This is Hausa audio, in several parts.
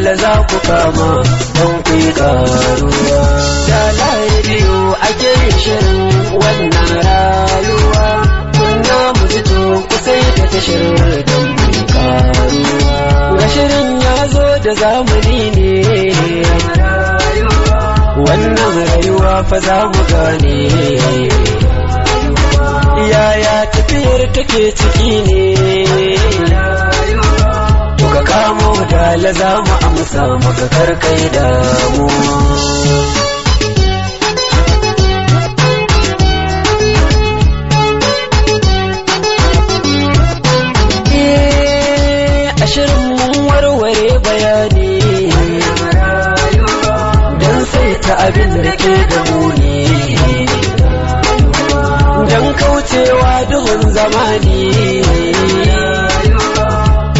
dala za ku kama don ku yi karuwa dala biyu a gerin shirin wannan rayuwa kunna mu fito ku sai ta tashar don ku yi karuwa shirin ya zo da zamani ne wannan rayuwa fa za mu gane yaya tafiyar take ciki ne ka kamo dala za mu amsa maka karkai damu eh, ashirin mun warware bayani don sai ta abin da ke da muni don kaucewa duhun zama zamani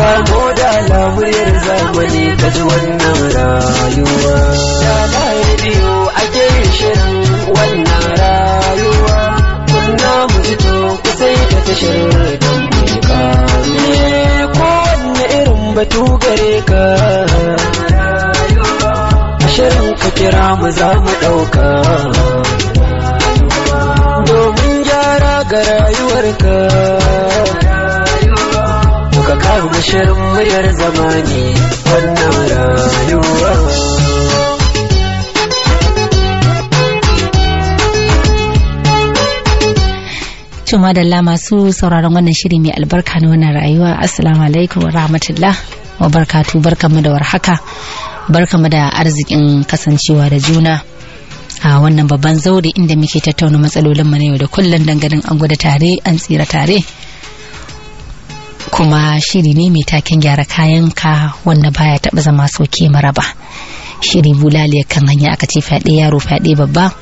sabo da lamuryar zamani ta ji wannan rayuwa ba layi biyu ake yin shirin wannan rayuwa kunna mu fito ku sai ta tashar don mai ko wanne irin batu gare ka shirin ka kira mu za mu ɗauka domin gyara ga rayuwarka kama shirin muryar zamani wannan rayuwa masu sauraron wannan shiri mai albarka na wannan rayuwa Assalamu alaikum wa rahmatullah wa barkatu barkamu da warhaka barkamu da arzikin kasancewa da juna a wannan babban zaure inda muke tattauna matsalolin mu na yau da kullum dangane an gwada tare an tsira tare kuma shiri ne mai taken gyara kayan ka wanda baya taba zama sauke maraba shiri bulaliya kan hanya aka ce fyaɗe yaro fyaɗe babba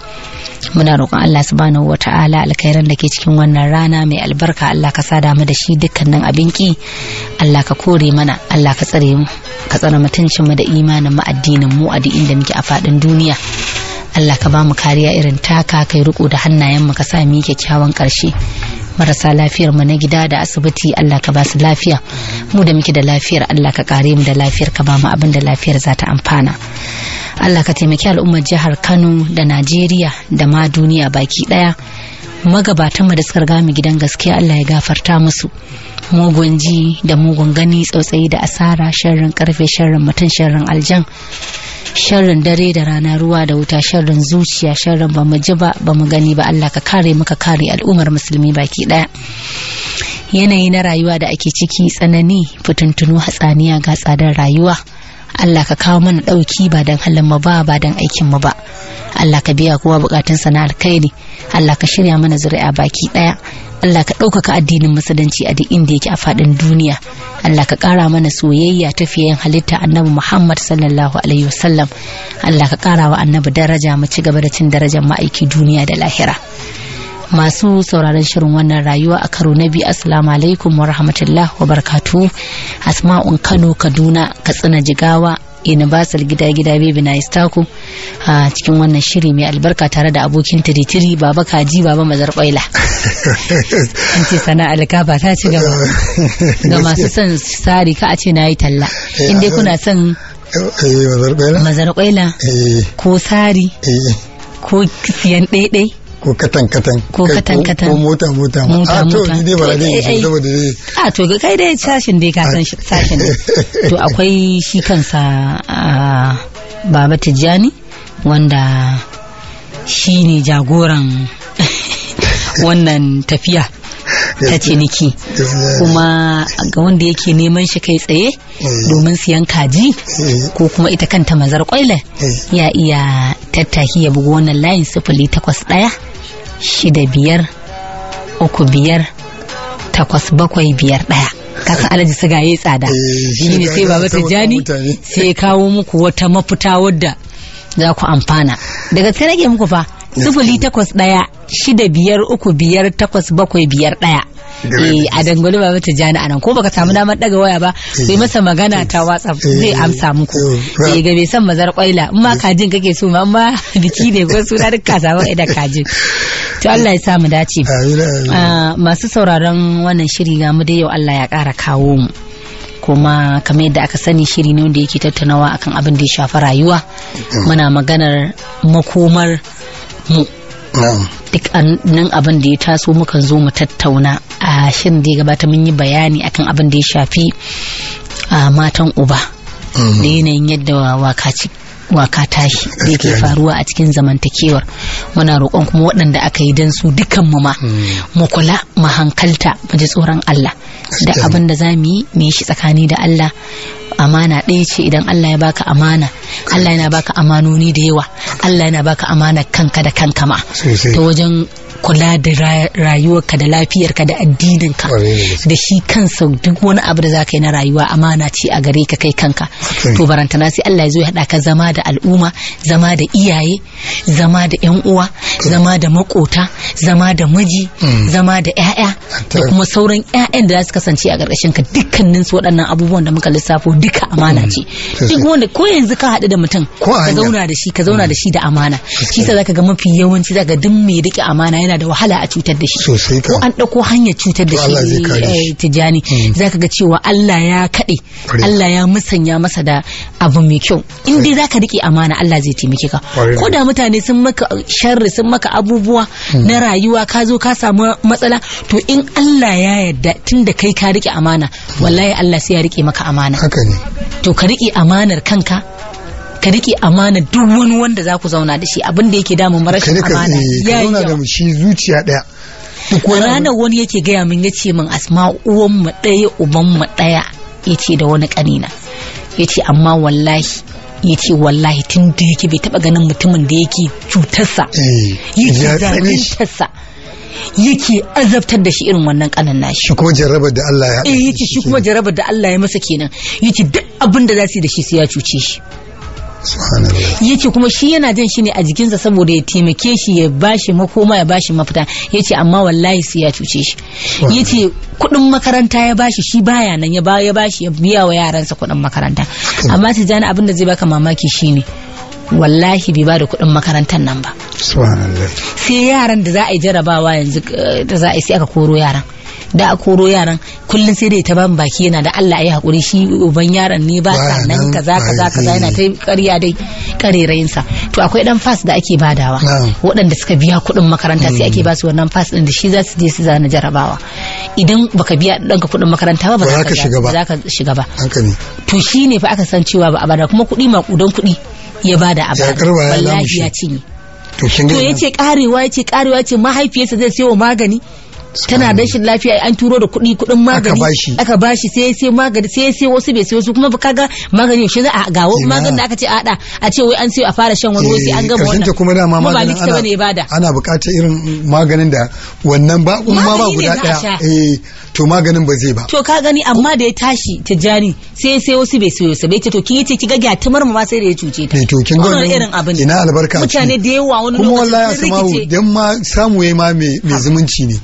muna roƙon Allah subhanahu wata'ala alkhairan da ke cikin wannan rana mai albarka Allah ka sada mu da shi dukkanin abinki Allah ka kore mana Allah ka tsare mu ka tsare mutuncin mu da imanin mu addinin mu a duk inda muke a faɗin duniya Allah ka ba mu kariya irin taka kai riko da hannayen mu ka sa mu kyakkyawan karshe marasa lafiyar mu na gida da asibiti Allah ka ba su lafiya mu da muke da lafiyar Allah ka kare mu da lafiyar ka ba mu abin da lafiyar za ta amfana Allah ka taimaki al'ummar jihar Kano da Najeriya da ma duniya baki daya magabatanmu da suka riga mu gidan gaske Allah ya gafarta musu mugun ji da mugun gani tsautsayi da asara sharrin karfe sharrin mutum sharrin aljan sharrin dare da rana ruwa da wuta sharrin zuciya sharrin ba mu ji ba ba mu gani ba Allah ka kare muka kare al'ummar musulmi baki daya yanayi na rayuwa da ake ciki tsanani fitintunu hatsaniya ga tsadar rayuwa Allah ka kawo mana ɗauki ba don halin mu ba ba don aikin mu ba Allah ka biya kowa bukatun sana alkhairi Allah ka shirya mana zuri'a baki ɗaya Allah ka ɗaukaka addinin musulunci a duk inda yake a faɗin duniya Allah ka ƙara mana soyayya ta fiye halitta annabi Muhammad sallallahu alaihi wasallam Allah ka ƙara wa annabi daraja mu ci gaba da cin darajar ma'aiki duniya da lahira masu sauraron shirin wannan rayuwa a karo na biyu assalamu alaikum wa rahmatullah wa barkatu asma'un kano kaduna katsina jigawa universal gida gida baby na istaku a cikin wannan shiri mai albarka tare da abokin Tiritiri baba kaji baba mazar kwaila an ce sana ba ta ci gaba ga masu son sari ka a ce na yi talla eh, inda eh, kuna son eh, mazar kwaila ko sari ko siyan ɗaiɗai ko katan katan ko katan katan ko mota mota a ah, to ni dai bara eh, eh. dai shi ah, da dai a to ga kai dai sashin dai ka san ah. sashin to akwai shi kansa baba tijjani wanda shi ne jagoran wannan tafiya ta ciniki kuma ga wanda yake neman shi kai tsaye eh. domin siyan kaji eh. ko kuma ita kanta mazar kwaila eh. ya iya tattaki ya bugu wannan layin sifili takwas ɗaya shida biyar uku biyar takwas bakwai biyar ɗaya kasan alaji siga ya tsada shi ne sai baba tijjani sai kawo muku wata mafuta wadda za ku amfana daga gaske nake muku fa Sifili takwas ɗaya shida biyar uku biyar takwas bakwai biyar ɗaya eh a dangwali ba mata jani anan ko baka samu damar ɗaga waya ba eh. sai masa magana ta eh. whatsapp zai eh. amsa muku eh ga bai san mazar kwaila in ma kajin kake so ma amma biki ne ko suna duk kasawa da kajin to Allah ya sa mu dace ah, masu sauraron wannan shiri ga mu da yau Allah ya kara kawo mu kuma kamar yadda aka sani shiri ne wanda yake tattaunawa akan abin da ya shafa rayuwa mm. muna maganar makomar mu duk nan abin da ya taso mukan zo mu tattauna a shirin da ya gabata mun yi bayani akan abin da ya shafi matan uba mm-hmm. da yanayin yadda wakaci waka tashi da yake faruwa a cikin zamantakewar muna roƙon kuma waɗanda aka yi don su dukan mu ma mm. mu kula mu hankalta mu tsoron Allah da abin da za mu yi mu yi shi tsakani da Allah amana ɗaya ce idan Allah ya baka amana Allah yana baka amanoni da yawa Allah yana baka amana kanka da kanka ma ta wajen kula da rayuwarka da lafiyarka da addininka da shi kansa duk wani abu da zaka yi na rayuwa amana ce a gare ka kai kanka to barantana sai Allah ya zo ya haɗa ka zama da al'umma zama da iyaye zama da yan uwa zama da makota zama da miji hmm. zama da 'ya'ya da kuma sauran 'ya'yan da za su kasance a ƙarƙashin ka dukkanin su waɗannan abubuwan da muka lissafo duka amana hmm. ce duk wanda ko yanzu ka haɗu da mutum ka zauna da shi ka zauna da hmm. shi da amana shi sa zaka ga mafi yawanci zaka duk mai riƙe amana yana da wahala a cutar da shi ko an ɗauko hanyar cutar da shi eh, tijani hmm. zaka ga cewa Allah ya kade Allah ya musanya masa da abu mai kyau in dai zaka rike amana Allah zai taimake ka ko da mutane sun maka sharri sun maka abubuwa hmm. na rayuwa ka zo ka samu matsala to in Allah ya yarda tunda kai ka rike amana wallahi Allah sai ya rike maka amana to ka rike amanar kanka ka rike amana duk wani wanda za ku zauna da shi abin da yake damun marashin amana eh, ya yi da shi zuciya daya ranar wani yake gaya min ya ce min asma uwan mu ɗaya uban mu ɗaya ya ce da wani kanina ya ce amma wallahi ya ce wallahi tun da yake bai taɓa ganin mutumin da yake cutarsa eh, yake zaluntarsa yake azabtar da shi irin wannan kanan nashi shi kuma jarrabar da Allah ya yi yace eh, shi kuma jarrabar da Allah ya masa kenan yace duk abin da za su yi da shi sai ya cuce shi yace kuma shi yana jan shi ne a jikinsa saboda ya taimake shi ya bashi makoma ya bashi mafita yace amma wallahi sai ya cuce shi yace kudin makaranta ya bashi shi baya nan ya ya bashi ya biya wa yaransa kudin makaranta amma sai abin da zai baka mamaki shi ne wallahi bai ba da kuɗin makarantar nan ba sai yaran da za a yi jarabawa yanzu eh, da za a yi sai aka koro yaran da a koro yaran kullum sai dai ta ban baki yana da Allah ya hakuri shi uban yaran ne ba sa nan kaza kaza kaza yana ta ƙarya dai ƙarerayin sa to akwai dan fas da ake badawa waɗanda suka biya kuɗin makaranta sai ake mm. basu wannan fas din da shi za su je su zana jarabawa idan baka biya ɗanka kuɗin makaranta ba ba za ka shiga ba to shine fa aka san cewa ba a bada kuma kuɗi maƙudan kuɗi ya bada a bada wallahi ya cinye to ya ce karewa ya ce karewa ce mahaifiyarsa zai sayo magani tana rashin lafiya an turo da kuɗi kuɗin magani aka bashi sai sai magani sai sai wasu bai sai wasu kuma kaga magani shi za a ga magani da aka ce a da a ce wai an sai a fara shan wani wasu an eh, gama wannan kuma dama maganin ana bada ana buƙatar irin maganin da wannan ba kuma ba guda daya eh to maganin ba zai ba to ka gani amma da ya tashi tijjani sai sai wasu bai sai wasu bai ce to kin yace ki ga tumar ma sai da ya cuce ta eh, to kin ga irin abin ina albarka mutane da yawa wani lokaci kuma wallahi asma'u dan ma samu yayi ma mai zumunci ne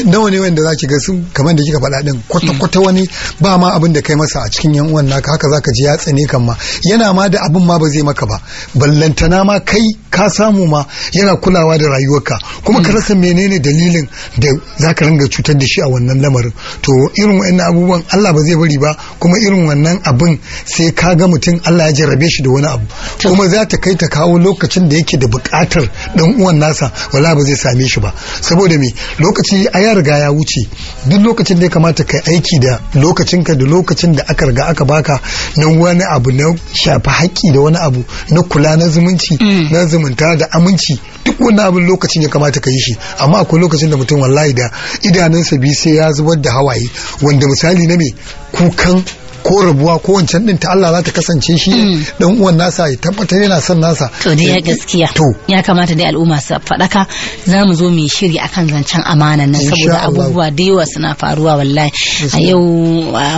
nawa ne wanda za ki ga sun kamar da kika faɗa din kwata-kwata mm. wani ba ma abin da kai masa a cikin yan uwan naka haka zaka ji ya tsane kan ma yana ma da abin ma ba zai maka ba ballantana ma kai ka samu ma yana kulawa da rayuwarka kuma ka mm. rasa menene dalilin da zaka ringa cutar da shi a wannan lamarin to irin wannan abubuwan Allah ba zai bari ba kuma irin wannan abin sai ka ga mutum Allah ya jarrabe shi da wani abu kuma za ta kai ta kawo lokacin da yake da buƙatar dan uwan nasa wala ba zai same shi ba saboda me lokaci a ya riga ya wuce duk lokacin da ya kamata kai aiki da lokacinka da lokacin da aka riga aka baka na wani abu na shafi haƙƙi da wani abu na kula na zumunci mm. na zumunta da aminci duk wani abin lokacin ya kamata ka yi shi amma akwai lokacin da mutum wallahi da idanunsa bi sai ya zubar da hawaye wanda misali na me kukan ko rabuwa ko wancan din ta Allah za ta kasance shi mm. dan uwan nasa ya tabbatar yana son nasa to dai ya eh, eh, gaskiya to ya kamata dai al'umma su faɗaka za mu zo mu shiri akan zancen amanan nan saboda abubuwa da yawa suna faruwa wallahi a yau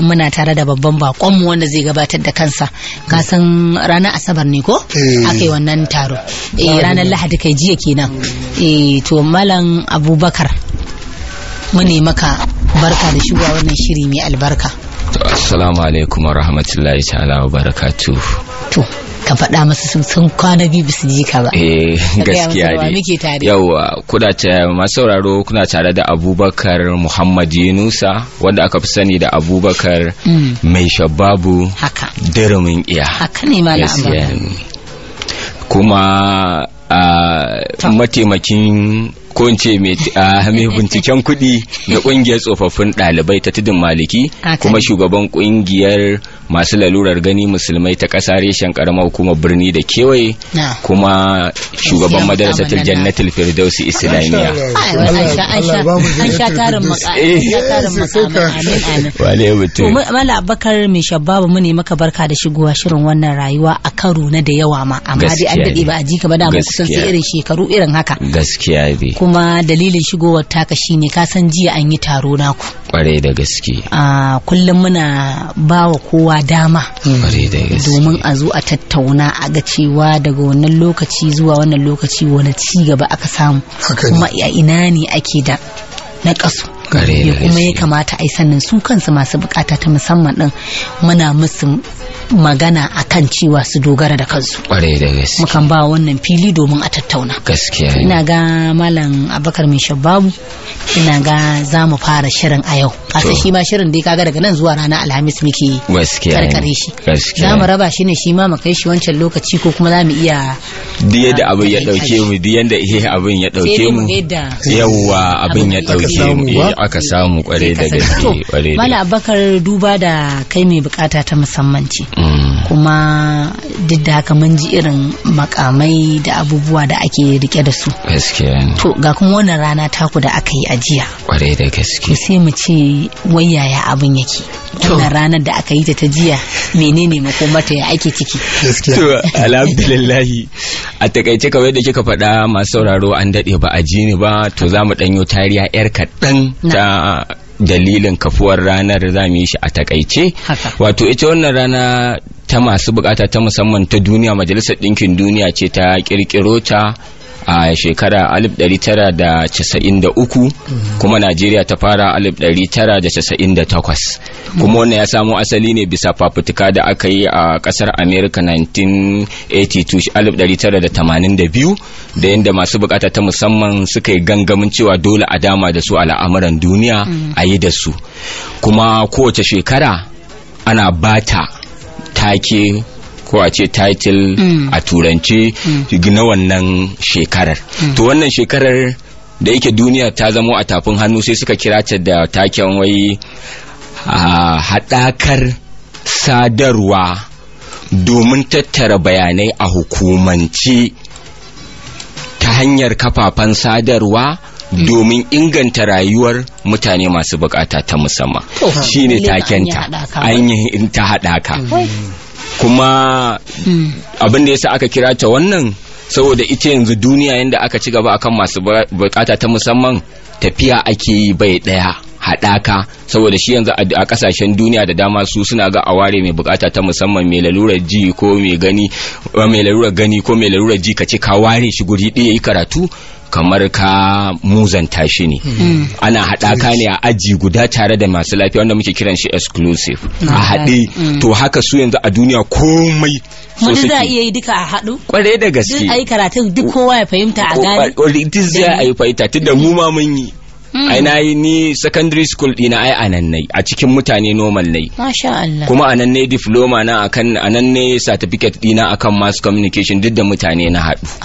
muna tare da babban bakon mu wanda zai gabatar da kansa ka mm. san ranar asabar ne ko eh. akai wannan taro eh ranar lahadi kai jiya kenan eh to malam abubakar mu ne maka barka da shigowa wannan shiri mai albarka assalamu alaikum wa rahmatullahi ta'ala wa barakatu to ka faɗa masu sun kwana biyu bisu ji ka ba eh gaskiya ne Yawwa, kuna ta masu sauraro kuna tare da abubakar muhammad yunusa wanda aka fi sani da abubakar mm. mai shababu haka iya haka ne malam abubakar kuma ah, mataimakin ko in ce ah, mai binciken kuɗi na ƙungiyar tsofaffin ɗalibai ta tudun maliki kuma shugaban ƙungiyar masu lalurar gani musulmai ta ƙasa reshen ƙaramar hukumar birni da kewaye kuma shugaban madarasatul jannatul firdausi islamiyya an sha tarin mala bakar mai shababu mu ne maka barka da shigowa shirin wannan rayuwa a karo na da yawa ma amma dai an daɗe ba a ji ka ba da kusan sai irin shekaru irin haka gaskiya ne kuma dalilin shigowar taka shine ka san jiya an yi taro naku kwarai da gaske a kullum muna ba wa kowa dama da domin a zo a tattauna a ga cewa daga wannan lokaci zuwa wannan lokaci wani ci gaba aka samu kuma a ina ne ake da na kasu ya kuma ya kamata a yi sannan su kansu masu bukata ta musamman din muna musu magana a kan cewa su dogara da kansu da gaske mukan ba wannan fili domin a tattauna gaskiya ina ga malam abakar mai shababu ina ga za mu fara shirin a yau kasa shi ma shirin dai kaga daga nan zuwa rana alhamis muke karkare shi za mu raba shi ne shi ma mu kai shi wancan lokaci ko kuma za mu iya diye da abin ya dauke mu diyan da ihe abin ya dauke mu yawwa abin ya dauke mu aka samu kware da gaske kware da mala abakar duba da kai mai bukata ta musamman ce mm. kuma duk da haka mun ji irin makamai da abubuwa da ake rike da su Gaske. to ga kuma wannan rana taku da aka yi ajiya kware da gaske sai mu ce wai yaya abin yake wannan ranar da aka yi ta ta jiya menene makomata ya ake ciki to alhamdulillah a takaice kamar da kika faɗa masu sauraro an daɗe ba a ji ni ba to za mu ɗanyo tariya yar kaɗan ita dalilin kafuwar ranar za mu yi shi a takaice wato ita wannan rana ta masu bukata ta musamman ta duniya majalisar ɗinkin duniya ce ta kirkirota. a shekara 1993 kuma najeriya ta fara 1998 kuma wannan ya samo asali ne bisa fafutuka da aka yi a kasar america 1982 da yadda masu bukata ta musamman suka yi gangamin cewa dole a dama da su al'amuran duniya a yi da su kuma kowace shekara ana bata take ko a ce title mm. a turance mm. na wannan shekarar mm. to wannan shekarar da yake duniya ta zamo a tafin hannu sai suka kira ta da taken wai haɗakar sadarwa domin tattara bayanai a hukumance ta hanyar kafafen sadarwa domin inganta rayuwar mutane masu bukata ta musamman shine takenta an yi ta haɗaka kuma hmm. abin da yasa aka kira ta wannan saboda ita yanzu duniya yadda aka ci gaba akan masu bukata ta musamman tafiya ake yi bai daya haɗaka saboda shi yanzu a ƙasashen duniya da dama su suna ga aware mai bukata ta musamman mai lalurar ji ko mai gani mai lalurar gani ko mai lalurar ji ka ce ka ware shi guri ɗaya yi karatu kamar ka muzanta shi ne hmm. ana haɗaka ne a aji guda tare da masu lafiya wanda muke kiran shi exclusive a haɗe hmm. to haka su yanzu a duniya komai wani za a iya yi duka a haɗu kwarai da gaske duk a yi karatun duk kowa ya fahimta a gane duk za a yi fahimta tunda mu ma mun yi Mm. ai na yi ni secondary school dina ai a nan nai a cikin mutane normal nai masha Allah kuma a nan ne diploma na akan a nan ne certificate dina akan mass communication duk da mutane na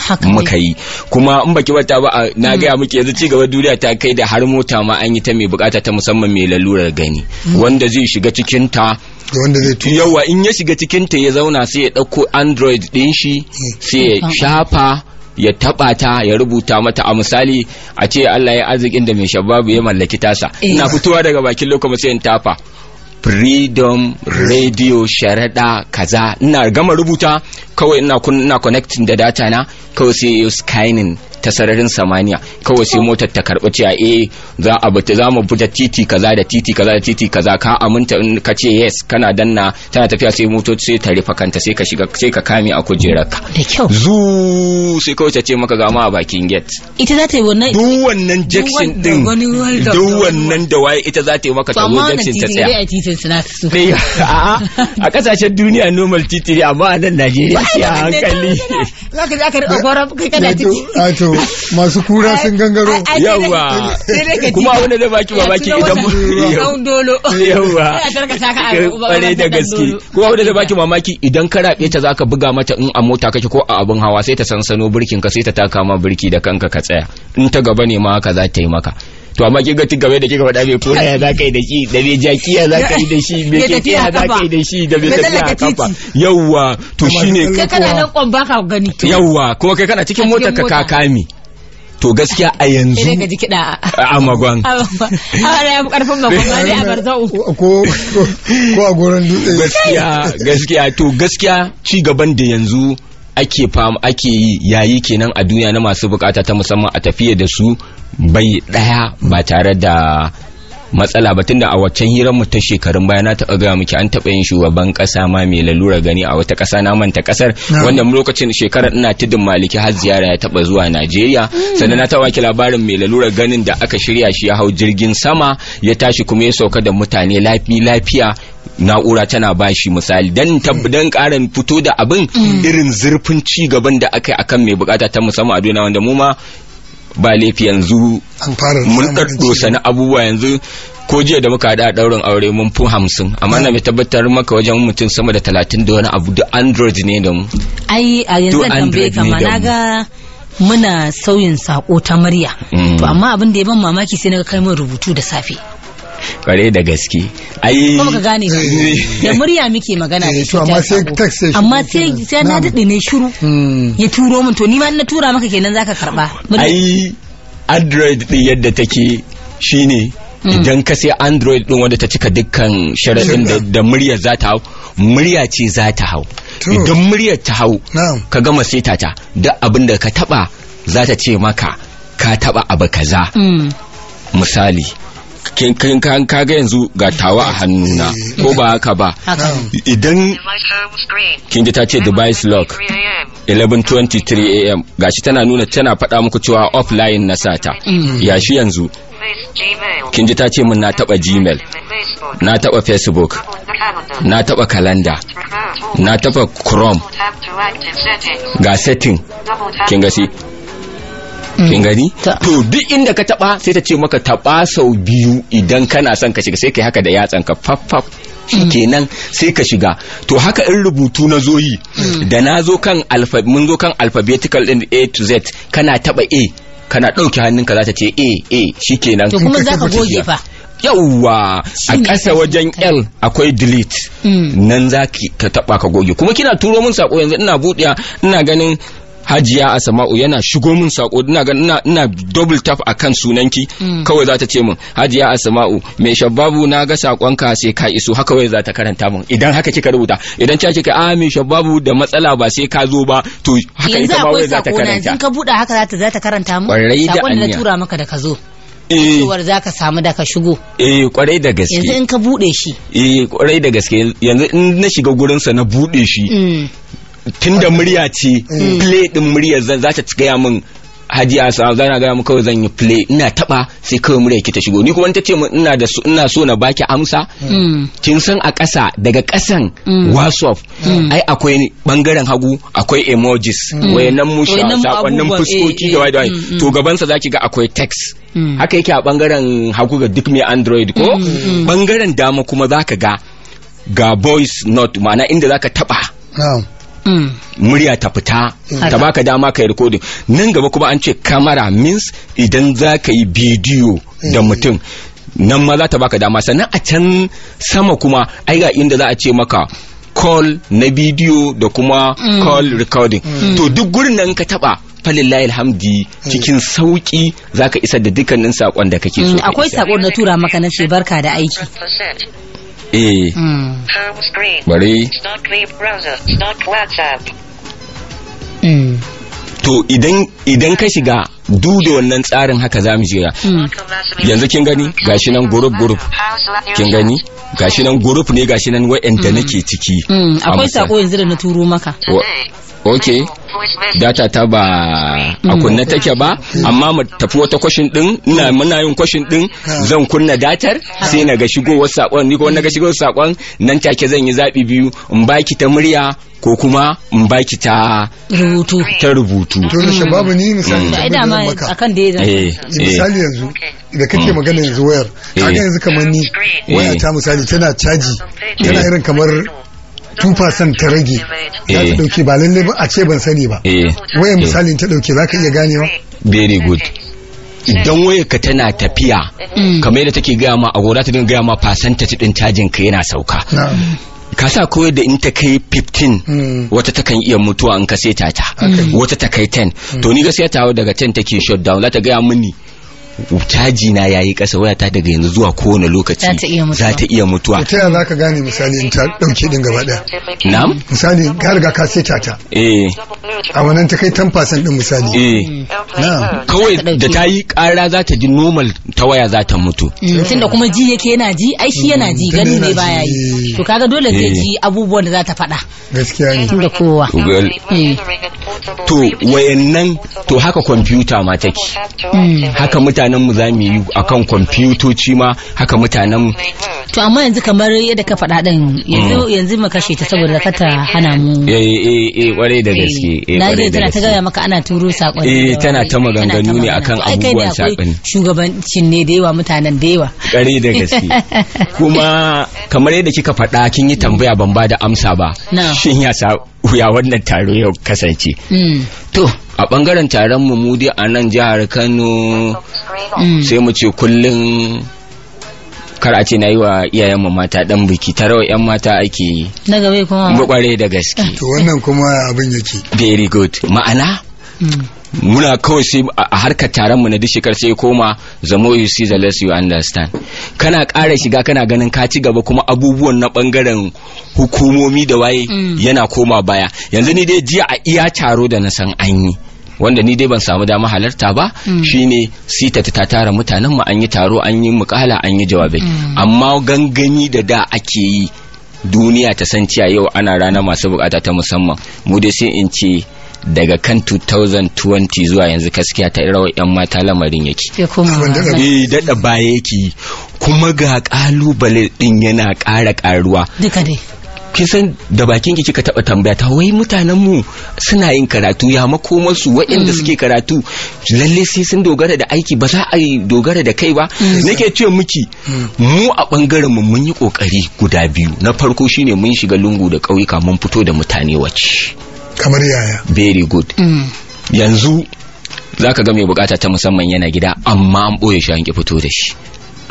haɗu muka yi kuma in baki wata ba na mm. gaya muke yanzu ci gaba duniya ta kai da har mota ma an yi ta mai bukata ta musamman mai lalurar gani mm. wanda zai shiga cikin ta wanda zai yawa in ya shiga cikin ta ya zauna sai ya dauko android din shi sai ya shafa ya taba ta ya rubuta mata a misali a ce Allah ya arzikin da mai shababu ya mallaki tasa eh. ina fitowa daga bakin lokacin sai in tafa freedom radio sharaɗa kaza ina gama rubuta kawai ina ina connecting da data na kawai sai yi scanning ta sararin samaniya kawai sai motar ta karɓi cewa eh za a bata za mu fita titi kaza da titi kaza da titi kaza ka aminta in ka ce yes kana danna tana tafiya sai motoci sai ta rufe kanta sai ka shiga sai ka kame a kujerarka da kyau zu sai kawai ta ce maka ga ma a bakin gate ita za ta yi wannan duk wannan jackson din duk wannan da waye ita za ta yi maka ta jackson ta tsaya mijin su na su a kasashen duniya normal titiri amma a nan Najeriya sai a hankali za ka aka riba goro kana titi a masu kura sun gangaro yawa kuma wanda zai baki ba baki idan mun dolo yawa kware da gaske kuma wanda zai baki mamaki idan ka rabe ta zaka buga mata in a mota kake ko a abin hawa sai ta sansano birkin ka sai ta taka ma birki da kanka ka tsaya in ta gaba ne ma haka za ta yi maka to amma kin ga tun game da kika faɗa mai kora ya zaka yi da shi da me jakiya zaka yi da shi mai keke ya zaka yi da shi da me tafiya a kafa yawwa to shine kai kana nan kwamba ka gani yawwa kuma kai kana cikin motar ka kakami to gaskiya a yanzu idan ka ji kiɗa a magon a wani ya fi karfin magon ne a barzau ko a goron dutse gaskiya gaskiya to gaskiya ci gaban da yanzu ake fam ake yi yayi kenan a duniya na masu bukata ta musamman a tafiya da su bai daya ba tare da matsala ba da a waccan hirar mu ta shekarun baya na taɓa gaya miki an taɓa yin shugaban ƙasa ma mai lalura gani a wata ƙasa na manta ƙasar wanda lokacin shekarar ina tudun maliki har ziyara ya taɓa zuwa Najeriya mm. sannan na taɓa ki labarin mai lalura ganin da aka shirya shi ya hau jirgin sama ya tashi kuma ya sauka da mutane lafi lafiya na'ura tana bashi misali dan dan karin fito da abin mm. irin zurfin ci gaban da aka yi akan mai bukata ta musamman a duniya wanda mu ma ba laifi yanzu mun ɗaɗɗo sani abubuwa yanzu ko jiya da muka haɗa ɗaurin aure mun fi hamsin amma mm. na mai tabbatar maka wajen mutum sama da talatin da wani abu da android ne da mu ai a yanzu tambaye kama na ga muna sauyin sako ta murya mm. to amma abin da ya ban mamaki sai na ga kai rubutu da safe kware da gaske ai kuma ka gane da murya muke magana eh, da shi amma sai taxe sai amma sai na dade ne shiru hmm. ya turo min to ni ma na tura maka kenan zaka karba ai android din yadda take shine hmm. idan ka sai android din wanda ta cika dukkan sharadin da murya za ta hau murya ce za ta hau idan murya ta hau ka gama seta ta duk abin da ka taba za ta ce maka ka taba abu kaza hmm. misali kin ka ga yanzu ga tawa a hannuna ko ba haka ba idan kin ji ta ce device lock 11:23 am gashi tana nuna tana faɗa muku cewa offline na sata mm. ya shi yanzu kin ji ta ce min na taɓa gmail na taɓa facebook na taɓa kalanda uh-huh. na taɓa chrome ga setting kin gasi kin mm. gani to duk inda ka taba sai ta ce maka taba sau biyu idan kana son ka shiga sai kai haka da yatsan ka faffaf kenan sai ka shiga to haka in rubutu na zo yi mm. da na zo kan mun zo kan alphabetical din A to Z kana taba A kana ɗauke hannunka za ta ce A A shikenan to kuma za ka goge fa yauwa a ƙasa wajen l akwai delete mm. nan za ka taɓa ka goge kuma kina turo mun sako yanzu ina buɗiya ina ganin hajiya asama'u yana shigo min sako ina ga ina double tap akan sunanki mm. kawai za ta ce min hajiya asama'u mai shababu na ga saƙonka sai ka iso haka wai za ta karanta min idan haka kika rubuta idan ta kika a ah, mai shababu da matsala ba sai ka zo ba to haka ita ma wai za ta karanta in ka buɗe haka za ta za ta karanta mu sakon da na tura maka da ka zo eh. cewar za ka samu da ka shigo. Eh kwarai da gaske. Yanzu in ka buɗe shi. Eh kwarai da gaske yanzu in na shiga gurinsa na buɗe shi. Mm. Tunda murya ce mm. play din murya za ta gaya min a sa zana gaya mu kawai zan yi play ina taba sai kawai murya ki ta shigo ni kuma ta ce ina da ina so na baki amsa mm. kin san a ƙasa daga ƙasan mm. whatsapp ai akwai bangaren hagu akwai emojis wayannan musha sakonnin eh, fuskoki eh, da wai da to gaban sa zaki ga akwai text haka yake a bangaren hagu ga duk mai android ko bangaren dama kuma zaka ga ga voice note ma'ana inda zaka taba murya ta fita mm. ta baka dama ka recording nan gaba kuma an ce camera means idan za ka yi bidiyo da mm. mutum nan ma za ta baka dama sannan a can sama kuma ai ga inda za a ce maka call na bidiyo da kuma mm. call recording to duk gurin nan ka taba falillahi alhamdi cikin sauki zaka isa da dukkanin sakon da kake so akwai sako na tura maka na ce barka da aiki Hmm. home screen bari stock leave browser stock whatsapp eh. to idan idan ka shiga da wannan tsarin haka za mu jira hmm. yanzu kin gani gashi nan gurup gurup kin gani gashi nan gurup ne gashi nan wa'anda hmm. nake ciki hmm. akwai sako yanzu da na turo maka ok data ta ba a mm. kunna take ba amma mu tafi wata kwashin din ina muna yin kwashin din zan kunna datar sai na ga shigowar sakon ni ko na ga shigowar sakon nan take zan yi zabi biyu in baki ta murya ko kuma in baki ta rubutu ta rubutu to da shababu ni mm. misali da ida ma akan da yanzu eh, eh. misali yanzu da kake mm. magana yanzu wayar kaga eh. yanzu kamar ni waya ta misali tana caji tana irin kamar tufasan ta rage eh. za ta dauke ba lalle ba a ce ban sani ba eh. waya eh. misalin ta dauke za ka iya ganewa very good idan wayar ka tana tafiya mm. kamar yadda take gaya ma a gora ta dinga gaya ma percentage din cajin ka yana sauka ka sa koyar da in ta kai 15 mm. wata ta kan iya mutuwa in ka seta ta wata ta kai 10 mm. to ni gaskiya tawo daga 10 take shutdown za ta gaya mini caji na yayi kasa wayata daga yanzu zuwa kowane lokaci za ta iya mutuwa ta yaya ka gane misali in ta dauke din gaba daya na'am misali ka riga ka seta ta eh a wannan ta kai 10% din misali eh na'am kawai da ta yi kara za ta ji normal ta waya za ta mutu mm, tunda kuma ji yake yana ji ai shi yana ji mm, gani ne baya yi to kaga dole zai eh. ji abubuwan da za ta faɗa gaskiya ne tunda kowa mm. to wayannan to haka kwamfuta ma take haka mutane mutanen mu za mu yi akan kwamfutoci ma haka mutanen to amma yanzu kamar yadda ka faɗa ɗin yanzu mm. yanzu mu kashe ta saboda ka ta hana mu eh eh eh kwarai eh, da gaske eh kwarai da gaske tana ta gaya maka ana turo sakon eh tana ta maganganu ne akan abubuwan sakon shugabancin ne da yawa mutanen da yawa Kare da gaske kuma kamar yadda kika faɗa kin yi tambaya ban ba da amsa ba shin ya ya wannan taro ya kasance hmm. to a bangaren taron mu mu a nan jihar Kano hmm. sai mu ce kullum kar a ce na yi wa iyayen mu mata dan biki ta yan mata ake yi daga bai kuma mu kware da gaske to wannan kuma abin yake very good ma'ana hmm. muna kawai sai a harkar taron mu na duk shekar sai koma the more you see the less you understand kana ƙara shiga kana ganin ka ci gaba kuma abubuwan na bangaren hukumomi da waye mm. yana koma baya yanzu ni dai jiya a iya taro da na san an yi wanda ni dai ban samu dama halarta ba mm. shine sita ta tara mutanen mu an yi taro an yi mukala an yi jawabai mm. amma gangami da da ake yi duniya ta san cewa yau ana rana masu bukata ta musamman mu dai sai in ce daga kan 2020 zuwa yanzu gaskiya ta irawa 'yan mata lamarin yake daɗa baya yake kuma ga kalubale ɗin yana ƙara karuwa. duka dai da bakin ki kika taba tambaya ta wai mutanen mu suna yin karatu ya makoma su waɗanda mm. suke karatu lalle sai sun dogara da aiki ba za a yi dogara da kai ba mm. nake ce miki mu a bangaren mu mun yi kokari guda biyu na farko shine mun shiga lungu da kauyuka mun fito da mutane wacce kamar yaya very good mm. yanzu za ka ga mai bukata ta musamman yana gida amma an ɓoye shi an ki fito da shi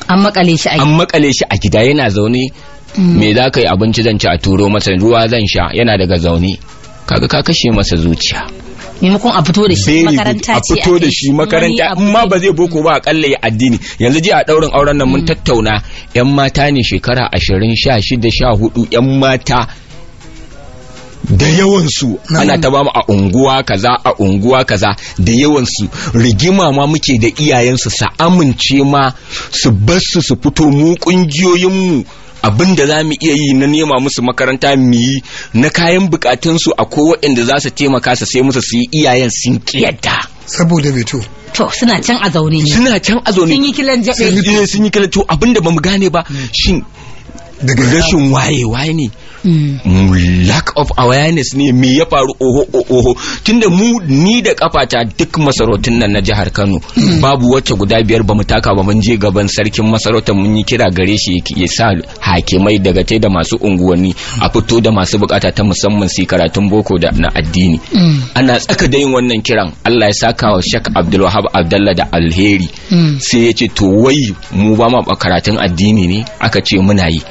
an makale shi a an makale shi a gida yana zaune mm. me za ka yi abinci zan ci a turo masa ruwa zan sha yana daga zaune kaga ka kashe masa zuciya maimakon a fito da shi makaranta ce a fito da shi makaranta amma ba zai boko ba akalla ya addini yanzu ji a daurin auren nan mun mm. tattauna yan mata ne shekara ashirin sha shida sha hudu yan mata da yawansu ana ta bamu a unguwa kaza a unguwa kaza da yawansu rigima ma muke da iyayensu sa amince ma su basu su fito mu mu abin da za mu iya yi na nema musu makaranta mu yi na kayan bukatunsu a ko waɗanda za su taimaka su sai musu su yi iyayen sun kiyarta saboda beto to suna can a zaune ne suna can a zaune sun yi kilan jabe eh, sun yi kilan to abin da bamu gane ba hmm. shin Daga rashin waye waye ne Mm. Mm, lack of awareness ne me ya faru oho oho tunda mu ni da kafata duk masarautun nan na jihar Kano mm. babu wacce guda biyar ba mu taka ba mun je gaban sarkin masarautar mun yi kira gare shi ya sa hakimai daga tai da masu unguwanni a fito da masu bukata ta musamman su karatun boko da na addini ana tsaka da yin wannan kiran Allah ya saka wa Sheikh Abdul Wahab Abdullah da Alheri sai ya ce to wai mu ba ma karatun addini ne aka ce muna yi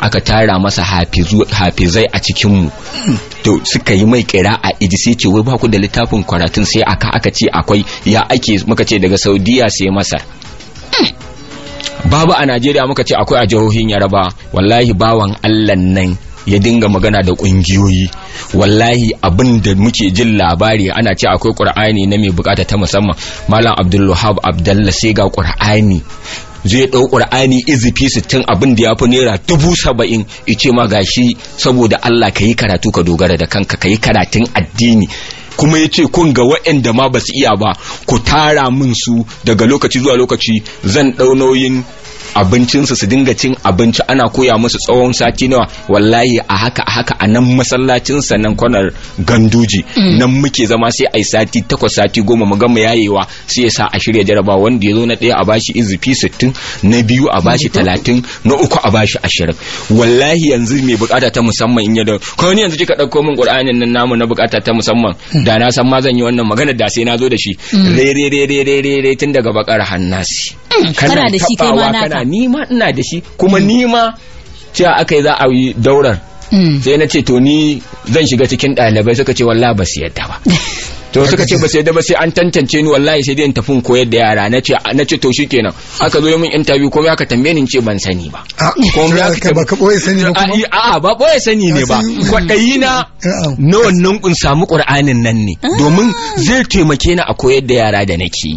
aka tara masa hafizai a cikinmu to suka yi mai kira a idi sai ce wai ba ku da littafin karatun sai aka aka ce akwai ya ake muka ce daga saudiya sai masar babu a najeriya muka ce akwai a jihohin yaraba wallahi bawan allan nan ya dinga magana da ƙungiyoyi. wallahi abin da muke jin labari ana ce akwai ƙur'ani na mai bukata ta musamman malam abdulluhab abdalla sai ga qur'ani zai ɗau ƙur'ani izifi sittin abin da ya fi naira dubu saba'in ice ma gashi saboda Allah ka yi karatu ka dogara da kanka ka yi karatun addini kuma ya ce kun ga wa'anda ma ba su iya ba ku tara min su daga lokaci zuwa lokaci zan ɗau nauyin abincinsu su dinga cin abinci ana koya musu tsawon sati nawa wallahi a haka a haka a nan masallacin sannan kwanar ganduji mm. nan muke zama sai ai sati takwas sati goma mu gama yayewa sai ya sa a shirya jaraba wanda ya zo na ɗaya a bashi izifi sittin na biyu a bashi talatin na uku a bashi ashirin wallahi yanzu mai bukata ta musamman in yadda Ko ni yanzu kika ɗauko min ƙur'anin nan namu na bukata ta musamman mm. da na san ma zan yi wannan magana da sai na zo da shi mm. re re re re re tun daga bakar hannasi kana da shi kai ma na ni ma ina da shi kuma mm. ni ma cewa aka yi za a yi daurar mm. sai na ce to ni zan shiga cikin ɗalibai suka ce wallah ba su yadda ba to suka ce ba su da ba sai an tantance ni wallahi sai dai tafin koyar da yara na ce na ce to shikenan aka zo min interview kuma aka tambaye ni ce ban sani ba ah, ko me aka ba ka boye sani ba ah, kuma a ah, ba boye sani ne ba kwadayi na na wannan kun samu qur'anin nan ne domin zai taimake ni a koyar da yara da nake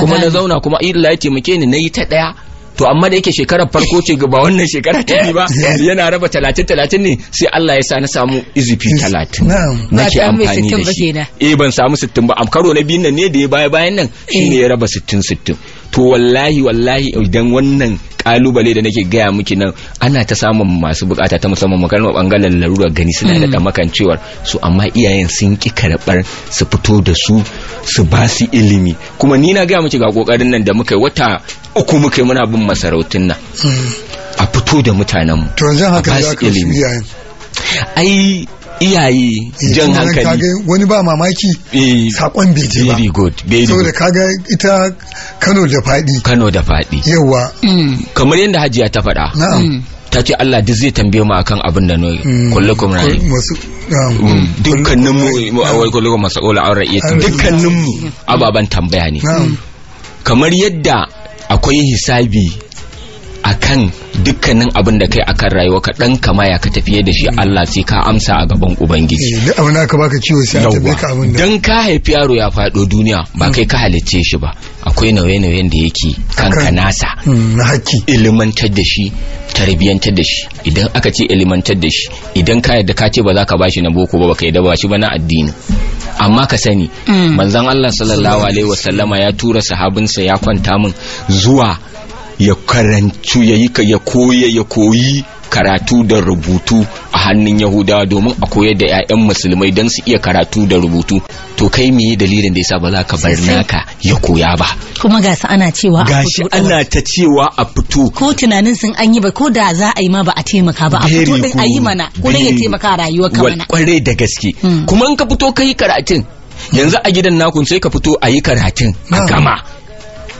kuma na zauna kuma Allah ya taimake ni nayi ta daya to amma da yake shekarar farko ce ba wannan shekara ta biyu ba yana raba talatin talatin ne sai Allah ya sa na samu izifi talatin Na ke amfani da shi eh ban samu sittin ba am karo na biyun nan ne da ya baya bayan nan ne ya raba sittin sittin to wallahi wallahi idan wannan kalubale da nake gaya miki nan ana ta samun masu bukata ta musamman makarin bangaren larura gani suna hmm. da makancewar su amma iyayen sun ki karɓar su fito da su su ba su ilimi kuma ni na gaya miki ga kokarin nan da muka wata uku muka muna bin masarautun nan hmm. a fito da mutanenmu a za ka ilimi ai iyaye eh, jan hankali kage wani ba mamaki eh, sakon bai je ba very good very so, good kaga ita Kano da fadi Kano da fadi yawa mm. kamar yadda Hajiya ta faɗa na'am mm. ta ce Allah duk zai tambaye mu akan abin da noi mm. kullukum ra'i dukkanin mu wai kullukum masaula an ra'i dukkanin mu ababan tambaya ne kamar yadda akwai hisabi akan dukkanin abin da kai akan rayuwa ka dan kamaya ka tafiye da shi Allah sai ka amsa a gaban ubangiji eh, duk abin ka baka ciwo sai a tabe ka abin dan ka haifi yaro ya fado duniya ba kai ka halicce shi ba akwai nauye-nauyen da yake kanka nasa mm, na haƙƙi ilimantar da shi tarbiyantar da shi idan aka ce ilimantar da shi idan ka yadda ka ce ba za ka bashi na boko ba ka yadda ba shi ba na addini amma ka sani mm. manzon Allah sallallahu alaihi wasallama ya tura sahabinsa ya kwanta min zuwa ya karantu ya yi ya koya ya koyi karatu da rubutu a hannun yahudawa domin a koyar da 'ya'yan musulmai don su iya karatu da rubutu to kai me dalilin da yasa ba za ka bar naka ya koya ba kuma ga su ana cewa ga shi ana ta cewa a fito ko tunanin sun an yi ba ko da za a yi ma ba a taimaka ba a fito din a yi mana ko ya taimaka rayuwar ka mana kwarai da gaske hmm. kuma in ka fito kai karatun yanzu a gidan nakun sai ka fito a yi karatun a gama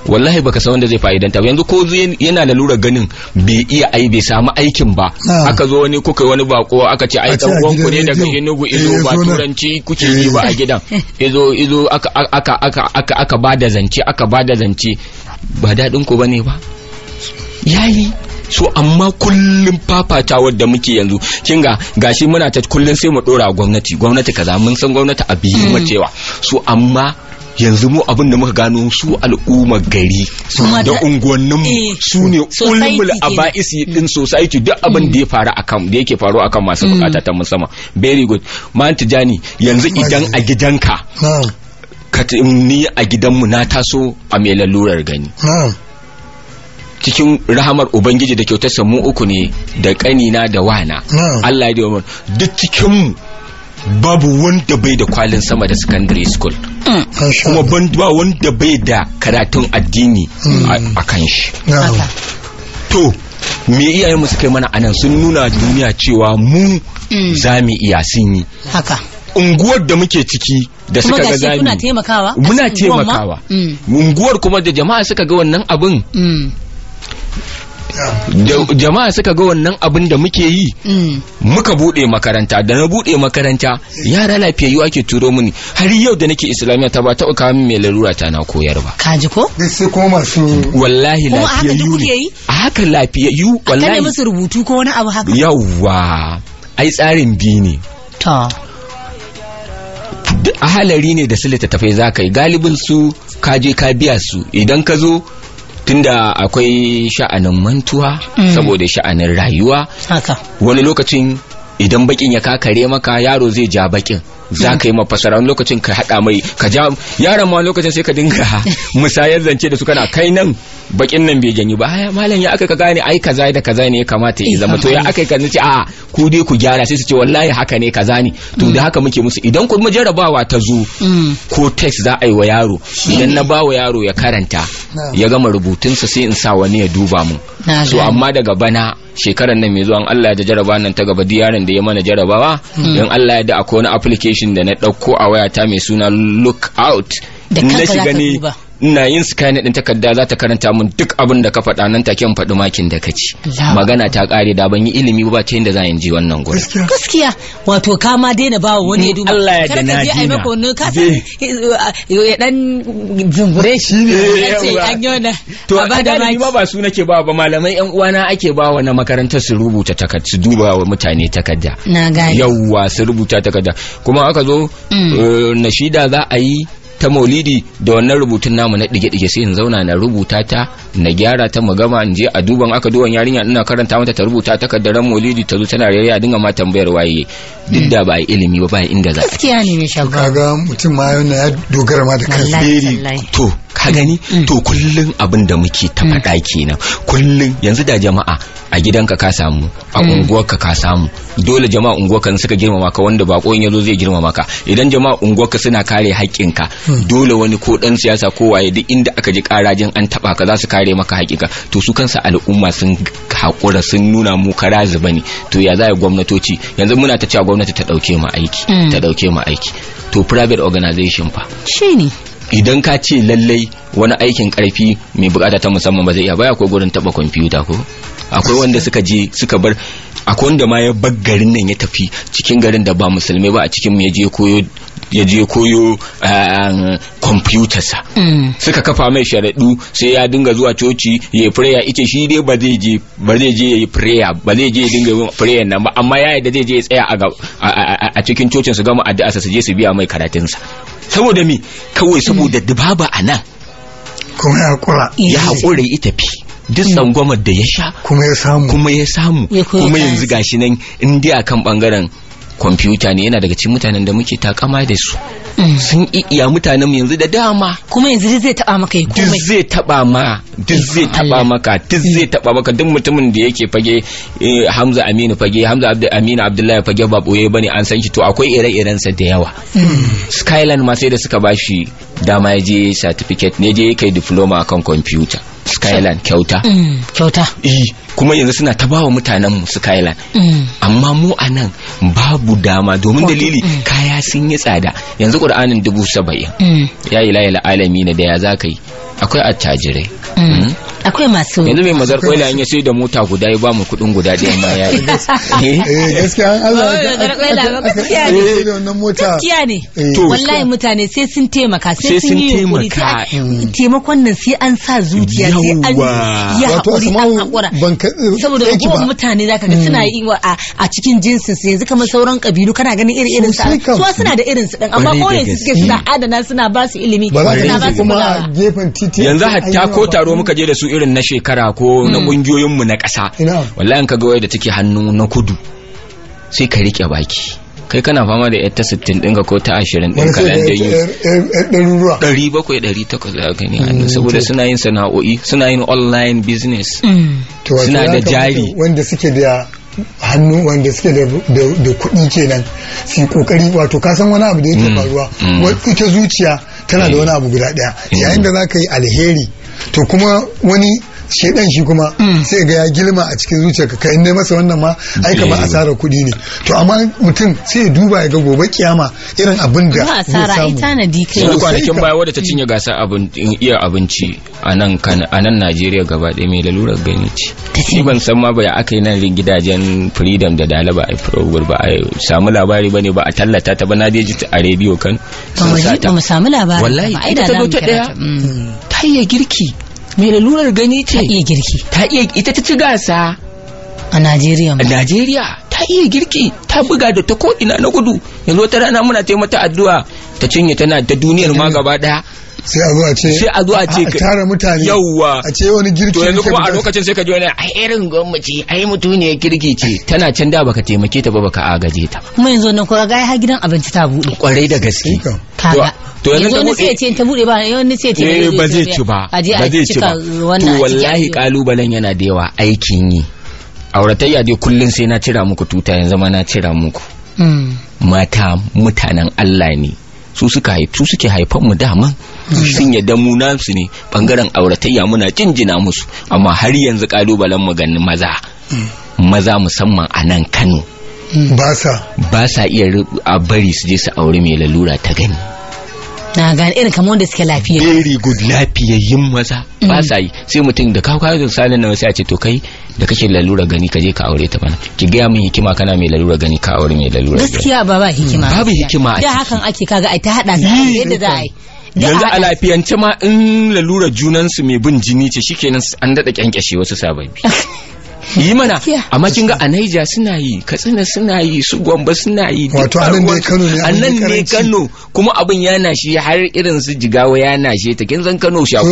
wallahi baka san wanda zai fa'idanta ba yanzu ko yana lura ganin bai iya ai bai samu aikin ba aka zo wani kuka wani bako aka ce ai dan Wanku ne daga Enugu Edo eh, ba turanci kuke yi ba a eh. gidan izo izo aka aka aka aka bada zance aka bada zance ba dadin ku bane ba yayi so amma kullum fafata wadda muke yanzu kin ga gashi muna ta kullum sai mu dora gwamnati gwamnati kaza mun san gwamnati a biyu hmm. macewa so amma yanzu mu abin da muka gano su al'umma gari da unguwannin eh, su ne ulmul aba'isi din society duk abin da ya faru akan da yake faru akan masu mm. bukata ta musamman very good man tijani yanzu idan a gidanka ni a gidanmu na taso a mai lalurar gani cikin rahamar ubangiji da kyautar mu uku ne da kanina da wana Allah ya duk cikin mu babu wanda bai da kwalin sama da secondary school kuma ba wanda bai da karatun addini hmm. a kan shi to me iyayenmu suka yi mana anan sun nuna duniya cewa mu hmm. za mu iya sun yi haka unguwar da muke ciki da suka ga zami muna taimakawa muna taimakawa hmm. unguwar kuma da jama'a suka ga wannan abin jama'a suka ga wannan abin da muke yi mm. muka bude makaranta da na bude makaranta yara lafiyayyu ake turo mini har yau da nake islamiya ta ba ta kawo min mai larura ta na koyar ba kaji ko sai ko masu wallahi lafiyayyu ne a haka lafiyayyu wallahi kana musu rubutu ko wani abu haka yawwa ai tsarin biyu ne to a halari ne da su littattafai za ka yi galibin su ka je ka biya su idan ka zo tunda akwai sha'anin mantuwa mm. saboda sha'anin rayuwa wani lokacin idan bakin ya kakare maka yaro zai ja bakin za ka yi mafasara wani lokacin ka haɗa mai ka ja yaran ma lokacin sai ka dinga musayar zance da su kana kai nan bakin nan bai janyi ba aya malam ya aka ka gane ai kaza da kaza ne ya kamata ya zama to ya eh, aka ka nace a ku dai ku gyara sai su ce wallahi haka ne kaza ne to da haka muke musu idan ku jarabawa ta zo mm. ko text za a yi wa yaro mm. idan na ba wa yaro ya karanta ya gama rubutunsa sai in sa wani ya duba mu so amma daga bana shekaran nan mai zuwa Allah ya jaraba nan ta gaba diyaran da ya mana jarabawa hmm. In Allah ya da akwai wani application da na ɗauko a wayata mai suna look out Da na shiga ne ina yin skynet din takarda za ta karanta min duk abin da ka faɗa nan take in faɗi makin da kaci magana ta ƙare da ban yi ilimi ba ta da za in ji wannan gurin gaskiya wato ka ma daina ba wa wani ya duba Allah ya dana ji ai maka wannan ka eh, ya dan zumbure shi ne eh, ce. an yona to ba da ma ba su nake ba ba malamai yan uwana ake ba wa na makarantar su rubuta takarda su duba wa mutane takarda na gani yawwa su rubuta takarda kuma aka zo mm. eh, nashida za a yi ta maulidi da wannan rubutun namu na dige-dige sai in zauna na rubuta ta na gyara ta mu gama in je a duban aka duban yarinya ina karanta mata ta rubuta takardar maulidi ta zo tana rayuwa dinga ma tambayar waye duk da ba ilimi ba ba inda za a gaskiya ne ne shabba kaga mutum ma yana ya dogara ma da kansa to ka gani mm. to kullun abin da muke ta faɗa mm. kenan kullun yanzu da jama'a a gidanka ka samu a mm. unguwarka ka samu dole jama'a unguwarka suka girmama ka wanda ya zo zai girmama ka idan jama'a unguwarka suna kare haƙƙinka hmm. dole wani ko dan siyasa ko waye duk inda aka ji karajin an taba ka za su kare maka haƙƙinka to su kansa al'umma sun hakura sun nuna mu kara zuba ne to ya za gwamnatoci yanzu muna ta cewa gwamnati ta dauke mu aiki hmm. ta dauke mu aiki to private organization fa shine idan ka ce lallai wani aikin karfi mai bukata ta musamman ba zai iya baya ko gurin taba kwamfuta ko akwai wanda suka je suka bar akwai wanda ma ya bar garin nan ya tafi cikin garin da ba musulmai ba a cikin ya je koyo ya je koyo kwamfutarsa um, hmm. suka kafa mai sharaɗu sai ya dinga zuwa coci ya freya Ice shi dai ba zai je ba zai je yayi freya ba zai je ya dinga yin freya nan ba amma ya yadda zai je ya tsaya a cikin cocin su gama addu'a su je su biya mai karatunsa saboda me kawai saboda dubaba a nan kuma ya hakura ya hakura ya tafi duk tsangwamar da ya sha kuma ya samu kuma ya samu kuma yanzu gashi nan in dai akan bangaren kwamfuta ne yana daga cikin mutanen da muke takama da su mm. sun iya mutanen mu yanzu da dama kuma yanzu duk zai taba maka ya komai duk zai taba ma duk zai taba maka duk zai taba maka duk mutumin da yake fage eh, Hamza Aminu fage Hamza Abdul Aminu Abdullahi fage ba boye bane an san shi to akwai ire-iren sa da yawa mm. Skyland ma sai da suka bashi dama ya je certificate ne je kai diploma akan computer. skyline kyauta mm, kyauta eh kuma yanzu suna ta bawa mutanen mu skyline mm. amma mu a nan babu dama domin dalili mm. kaya sun yi tsada yanzu qur'anin dubu saba'in ya ilahi alami na da ya za akwai attajirai akwai masu yanzu mai mazar kola ya sai da mota guda ya ba mu kuɗin guda ɗaya ma ya yi eh, gaskiya Allah ya ga wannan mota gaskiya ne eh, wallahi mutane sai sun taimaka sai sun yi taimaka eh. taimakon nan sai an sa zuciya sai an yi haƙuri an hakura saboda kuma mutane zaka ga hmm. suna yi a cikin jinsin su yanzu kamar sauran kabilu kana ganin irin irin su su suna da irin su din amma kowane suke suna adana suna ba su ilimi suna ba su kuma gefen titi yanzu hatta ko taro muka je da su irin na shekara ko na hmm. ƙungiyoyinmu na ƙasa wallahi in ka ga da take hannu na kudu sai ka rike baki kai kana fama da yar ta ɗinka ko ta 20 ɗinka nan da yi ɗari bakwai ɗari takwas da gani hannu hmm, saboda suna yin sana'o'i suna yin online business hmm. suna da jari wanda suke da hannu wanda suke da kuɗi kenan su yi ƙoƙari wato ka san wani abu da yake faruwa ita zuciya tana da wani abu guda ɗaya yayin da za ka yi alheri to kuma wani dan shi kuma mm. sai ga ya gilma a cikin zuciyarka ka inda masa wannan ma ai kamar eh. asarar kuɗi ne to amma mutum sai ya duba ya ga gobe kiyama irin abin da zai samu tanadi kai kwanakin baya wadda ta cinye gasar iya abinci a nan kan a nan Najeriya gaba ɗaya mai lalurar gani ce shi ban san ma ba ya aka yi nan gidajen freedom da dalaba a program ba a samu labari ba ne ba a tallata ta ba na ji a rediyo kan ba mu samu labari wallahi ita ta zo ta ɗaya ta mm. yi girki mai lalurar gani ce ta iya girki ta iya ita ta ci gasa a Najeriya a Najeriya ta iya girki ta buga da ta ina na gudu yanzu wata rana muna taimata addu'a ta cinye tana ta duniyar ma gaba ɗaya. sai a zo a ce sai a zo a ce tara mutane yawwa a ce wani girki to yanzu kuma a lokacin sai ka ji wani ai irin gwamnati ai mutuniyar kirki ce tana can da baka taimake ta ba baka agaje ta kuma yanzu nan ko ga ha gidan abinci ta bude kwarai da gaske to yanzu wani sai ce ta bude ba wani sai ce eh, ba zai ci ba ba zai ci ba to wallahi kalubalen yana da yawa aikin yi auratayya dai kullun sai na cira muku tuta yanzu ma na cira muku hmm. mata mutanen Allah ne su suka su suke haifan mu dama sun yadda mu nasu ne bangaren auratayya muna jinjina musu amma har yanzu kalubalen mu ganin maza maza musamman a nan Kano ba sa ba sa iya a bari su je su aure mai lalura ta gani na gane irin kamar wanda suke lafiya very good lafiyayyun maza ba mm. sa yi sai mutum da kawo kayan salin na wasu ya ce to kai da kake lalura gani ka je ka aure ta bana ki gaya min hikima kana mai lalura gani ka aure mai lalura gaskiya ba ba hikima babu hikima da hakan ake kaga ai ta hada su yadda za a yanzu a lafiyance ma in lalura junansu mai bin jini ce shikenan an daɗa kyankyashe wasu sababbi yi mana amma kin ga a Niger suna yi Katsina suna yi su Gombe suna yi wato anan ne Kano ne anan ne Kano kuma abin ya nashe har irin su Jigawa ya nashe ta kin zan Kano shi to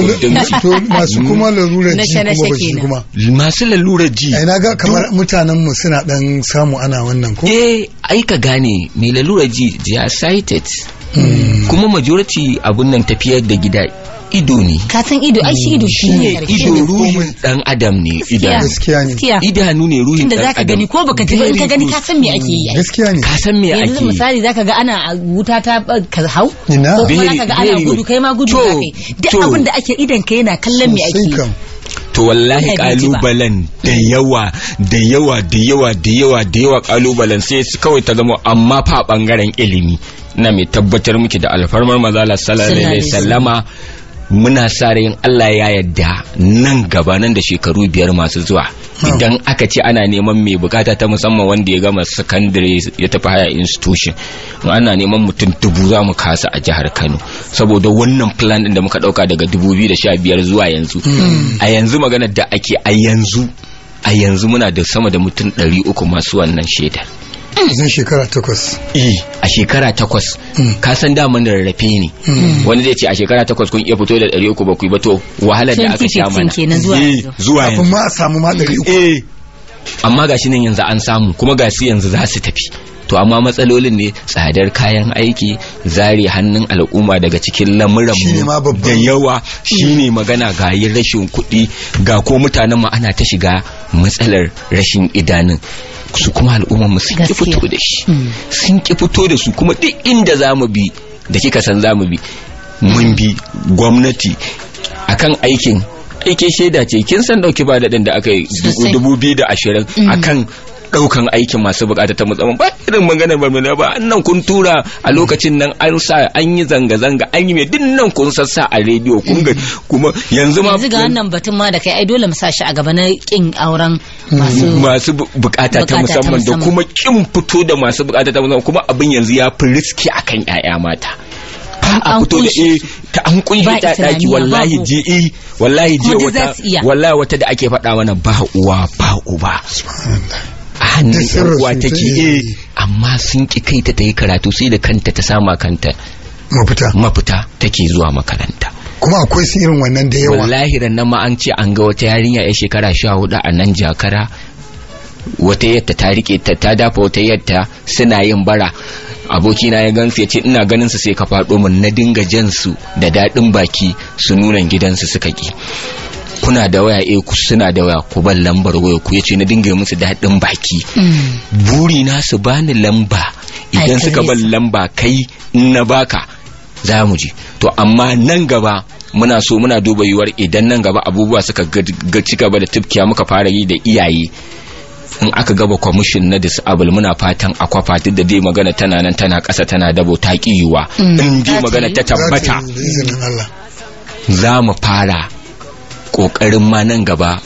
masu mm. kuma lalura ji kuma masu lalura ji ai ga kamar mutanen mu suna dan samu ana wannan ko eh ai ka gane me lalura ji ji cited hmm. kuma majority abun nan tafiyar da gida ido ne ka san ido ai shi ido shi ne ido ruhin dan adam ne idanu gaskiya ne idanu ne ruhin dan adam zaka gani ko baka ji in ka gani ka san me ake yi gaskiya ne ka san me ake yanzu misali zaka ga ana wuta ta ka hau ko kuma zaka ga ana gudu kai ma gudu kai duk abin da ake idan ka yana kallon me ake yi to wallahi kalubalen da yawa da yawa da yawa da yawa da yawa kalubalen sai kawai ta zama amma fa bangaren ilimi na mai tabbatar miki da alfarmar mazala sallallahu alaihi wasallama muna sa yin Allah ya yadda nan gaba nan da shekaru biyar masu zuwa hmm. idan aka ce ana neman mai bukata ta musamman wanda ya gama secondary ya tafi haya institution ana neman mutum dubu za mu kasa a jihar Kano saboda wannan plan din da muka dauka daga 2015 zuwa yanzu hmm. a yanzu maganar da ake a yanzu a yanzu muna da sama da mutum 300 masu wannan shaidar zan shekara takwas eh, a shekara takwas hmm. ka san daman da rarrafe ne hmm. wani zai ce a shekara takwas kun iya fito da ɗari uku ba ku ba to wahalar da aka sha mana zuwa eh, yanzu ma a samu ma ɗari uku eh, amma ga shi nan yanzu an samu kuma ga su yanzu za su tafi to amma matsalolin ne tsadar kayan aiki zare hannun al'umma daga cikin lamuran mu da yawa hmm. shine magana ga yin rashin kuɗi ga ko mutanen mu ana ta shiga matsalar rashin idanun su kuma al'ummar mu sun ki fito da shi hmm. sun ki fito da su kuma duk inda za mu bi da kika san za mu bi mun bi gwamnati akan aikin aike shaida ce kin san dauki ba daɗin da aka yi dubu biyu da ashirin hmm. akan daukan aikin masu bukata ta musamman ba irin ba mai ba annan kun tura a lokacin nan an sa an yi zanga zanga an yi me duk nan kun sassa a rediyo kun ga kuma yanzu ma yanzu ga wannan batun ma da kai ai dole mu sa shi a gaba na kin auren masu bukata ta musamman da kuma kin fito da masu bukata ta musamman kuma abin yanzu ya fi riski akan yaya mata a fito da e ta an kunshi ta daki eh, wallahi je e wallahi je wata wallahi wata da ake faɗa mana ba uwa ba uba hannun yan take amma sun ki kai ta yi karatu sai da kanta ta sama kanta mafita mafita take zuwa makaranta kuma akwai su irin wannan da yawa wallahi nan ma an ce an ga wata yarinya ya shekara sha hudu a nan jakara wata yadda ta rike ta dafa wata yadda suna yin bara abokina ya gansu ya ce ina ganin su sai ka faɗo min na dinga jan su da daɗin baki su nuna gidansu suka ki kuna da waya eh ku suna da waya ku bar lambar waya ku yace na dinga musu daɗin baki mm. buri na su bani lamba idan suka bar lamba kai na baka za mu je to amma nan gaba muna so muna duba yiwuwar idan nan gaba abubuwa suka ga ci gaba da tufkiya muka fara yi da iyaye in aka gaba kwamishin na disable muna fatan akwafati da dai magana tana nan tana kasa tana dabo ta ƙiyuwa mm. in dai magana ta tabbata za mu fara ƙoƙarin ma nan gaba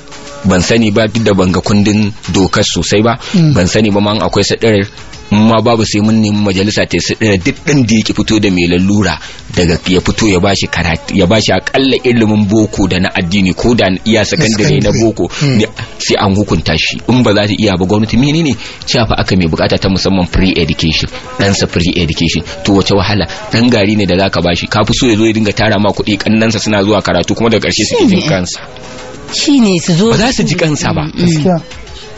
ban sani ba duk da ban ga kundin dokar sosai ba hmm. ban sani ba ma akwai sadarar ma babu sai mun nemi majalisa ta eh, duk ɗin da yake fito da mai lalura daga ya fito ya bashi karatu ya bashi akalla ilimin boko da na addini ko da iya sakandare na boko hmm. sai an hukunta shi in ba za ta iya ba gwamnati menene cewa fa aka mai bukata ta musamman free education ɗansa free education to wace wahala dan gari ne da zaka bashi ka fi so ya zo ya dinga tara ma kuɗi kannansa suna zuwa karatu kuma da ƙarshe su jin kansa shine su zo ba za su ji kansa ba hmm, hmm.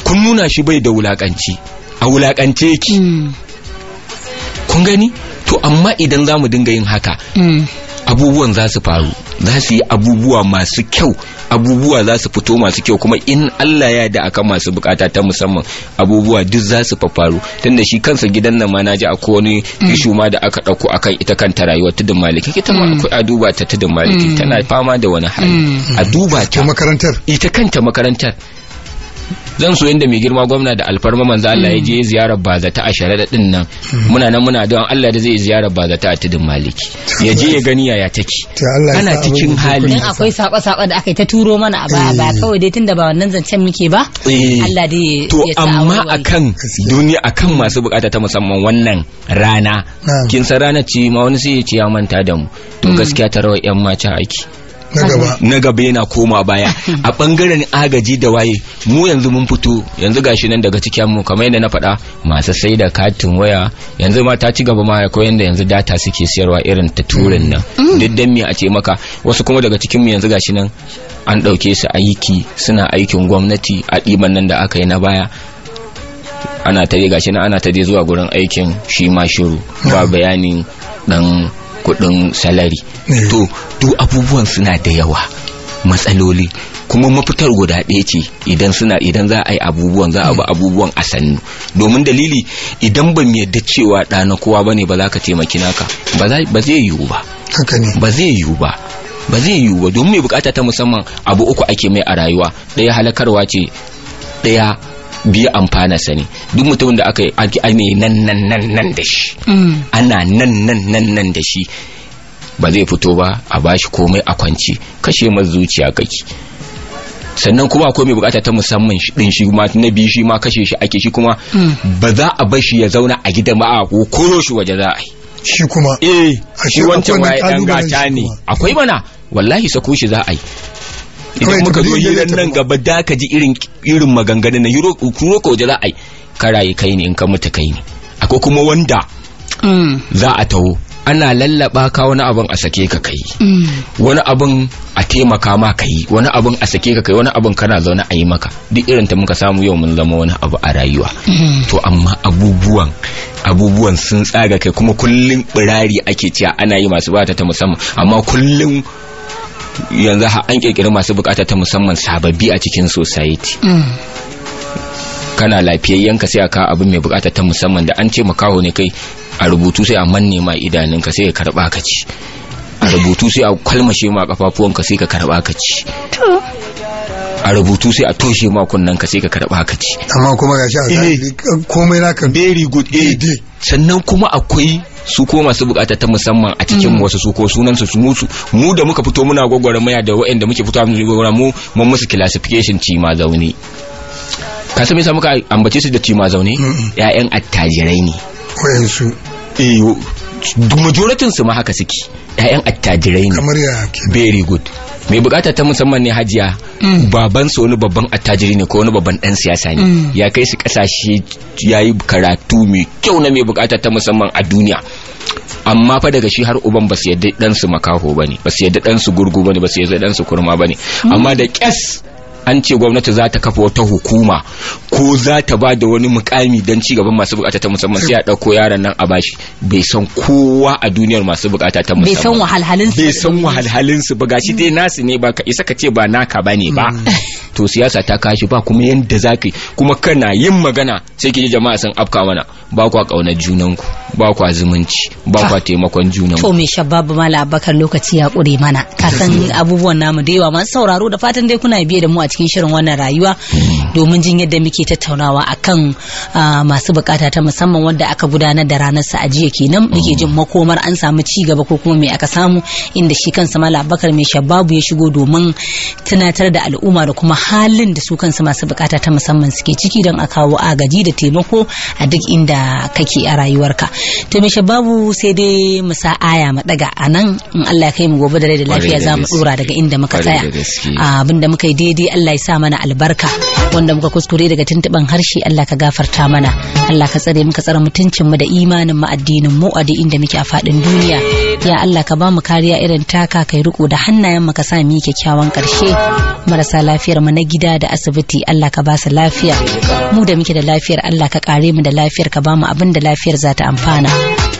kun nuna shi bai da wulakanci a wulakance ki kun gani to amma idan za mu dinga yin haka abubuwan za su faru za su yi abubuwa masu kyau abubuwa za su fito masu kyau kuma in Allah ya da akan masu bukata ta musamman abubuwa duk za su faru tunda shi kansa gidan nan ma naji akwai wani ishu ma da aka dauko akan ita kanta rayuwar tudun maliki ita ma akwai a duba ta tudun maliki tana fama da wani hali a duba ta makarantar ita kanta makarantar zan so yadda mai girma gwamna da alfarma manzo Allah ya je hmm. ziyarar bazata a sharada din nan hmm. muna nan muna don Allah da zai ziyarar bazata a tudun maliki ya je ya gani yaya take Kana cikin hali dan akwai saba saba da aka yi ta turo mana a baya ba eh. kawai dai tunda ba wannan zancen muke ba eh. Allah dai to amma akan duniya akan masu bukata ta musamman wannan rana kin san rana ce ma wani sai ya ce ya manta da mu to hmm. gaskiya ta rawar yan mata aiki na gaba yana koma baya a bangaren agaji da waye mu yanzu mun fito yanzu gashi nan daga cikin mu kamar yadda na faɗa masu saida katin waya yanzu ma ta ci gaba ma akwai yanda yanzu data suke siyarwa irin ta turin nan mm. duk dan me a ce maka wasu kuma daga cikin mu yanzu gashi nan an ɗauke su aiki suna aikin gwamnati a ɗiban nan da aka yi na baya ana ta gashi nan ana ta zuwa gurin aikin shi ma shiru ba mm. bayanin dan kudin salari eh. to duk abubuwan suna da yawa matsaloli kuma mafitar guda ɗaya ce idan suna idan za a yi abubuwan za a bi mm. abubuwan a sannu domin dalili idan ba mu yadda cewa ɗa na kowa bane ba za ka taimaki naka ba zai yiwu ba ba zai yiwu ba ba zai yiwu ba domin mai bukata ta musamman abu uku ake mai a rayuwa ɗaya halakarwa ce ɗaya biya amfana sani duk mutum da aka yi nan nan nan nan da shi mm. ana nan nan nan nan da shi ba zai fito ba a bashi komai a kwanci kashe masa zuciya kake sannan kuma akwai mai bukata ta musamman din shi kuma na biyu shi ma kashe shi ake shi kuma mm. ba za a bar shi ya zauna a gida ba a koro shi waje za a yi shi kuma eh shi wancan dan gata ne akwai mana wallahi sako shi za a yi idan muka zo hirar nan gaba da ka ji irin irin maganganun na yuro ko da ka karaye kai ne in ka mutu kai ne akwai kuma wanda mm. za a taho ana lallaba ka wani abin mm. a sake ka kai wani abin a taimaka ma ka wani abin a sake ka kai wani abin kana zaune a yi maka duk irin ta muka samu yau mun zama wani abu a rayuwa mm. to amma abubuwan abubuwan sun tsaga kai kuma kullum birari ake cewa ana yi masu bata ta musamman amma kullum yanzu an kirkiri masu bukata ta musamman sababbi a cikin society kana ka sai aka abu abin mai bukata ta musamman da an ce kawo ne kai a rubutu sai a manne ma idanunka sai ka karba ka ci a rubutu sai a kwalmashe ma kafafuwanka sai ka karba ka ci a rubutu sai a toshe ma kunnen ka sai ka karba haka ci amma kuma shi a eh. zahiri komai kan very good eh. aid sannan kuma akwai su ko masu bukata ta musamman a cikin mm. wasu su ko sunan su mutu mu da muka fito muna maya da waɗanda muke fito mu mun musu classification ci ma zaune ka san me yasa muka ambace su da ci ma zaune ƴaƴan attajirai ne wayansu eh majoratin su ma haka suke ƴaƴan attajirai ne kamar ya very good mai bukata ta musamman ne hajiya mm. baban su wani babban attajiri ne ko wani babban dan siyasa ne mm. ya kai su kasashe ya yi karatu mai kyau na mai bukata ta musamman a duniya amma fa daga shi har uban basu yadda dan su makaho bane basu yadda dan su gurgu bane basu yadda dan su kurma bane mm. amma da kyas an ce gwamnati za ta kafa wata hukuma ko za ta ba da wani mukami don ci gaban masu bukata ta musamman sai a ɗauko yaran nan a bashi bai san kowa a duniyar masu bukata ta musamman bai san wahalhalin su bai san wahalhalin su ba gashi dai mm. nasu ne ba ka isa ka ce ba naka ne ba mm. to siyasa ta kashi ba kuma yanda zaka kuma kana yin magana sai ki jama'a sun afka mana ba kwa kauna junanku ba kwa zumunci ba kwa ah. taimakon junanku to me shababu mala abakar lokaci ya ƙure mana ka san abubuwan namu da yawa masu sauraro da fatan dai kuna biye da mu a cikin shirin wannan rayuwa domin jin yadda muke tattaunawa akan ah, masu bukata ta musamman wanda aka gudanar da ranar sa ajiya kenan muke jin makomar an samu ci gaba ko kuma me aka samu inda shi kansa malam Abubakar mai shababu ya shigo domin tunatar da al'umma da kuma halin da su kansu masu bukata ta musamman suke ciki don a kawo agaji da taimako a duk inda kake a rayuwarka to mai shababu sai dai mu sa aya mu daga anan in Allah ya kai mu gobe da rai da lafiya za mu dora daga inda muka tsaya ah, abinda muka yi daidai Allah Allah ya sa mana albarka wanda muka kuskure daga tuntuban harshe Allah ka gafarta mana Allah ka tsare muka tsare mutuncin mu da imanin mu addinin mu a duk inda muke a fadin duniya ya Allah ka ba mu kariya irin taka kai riko da hannayen mu ka sa mu kyakkyawan karshe marasa lafiyar mu na gida da asibiti Allah ka ba su lafiya mu da muke da lafiyar Allah ka kare mu da lafiyar ka ba mu abin da lafiyar za ta amfana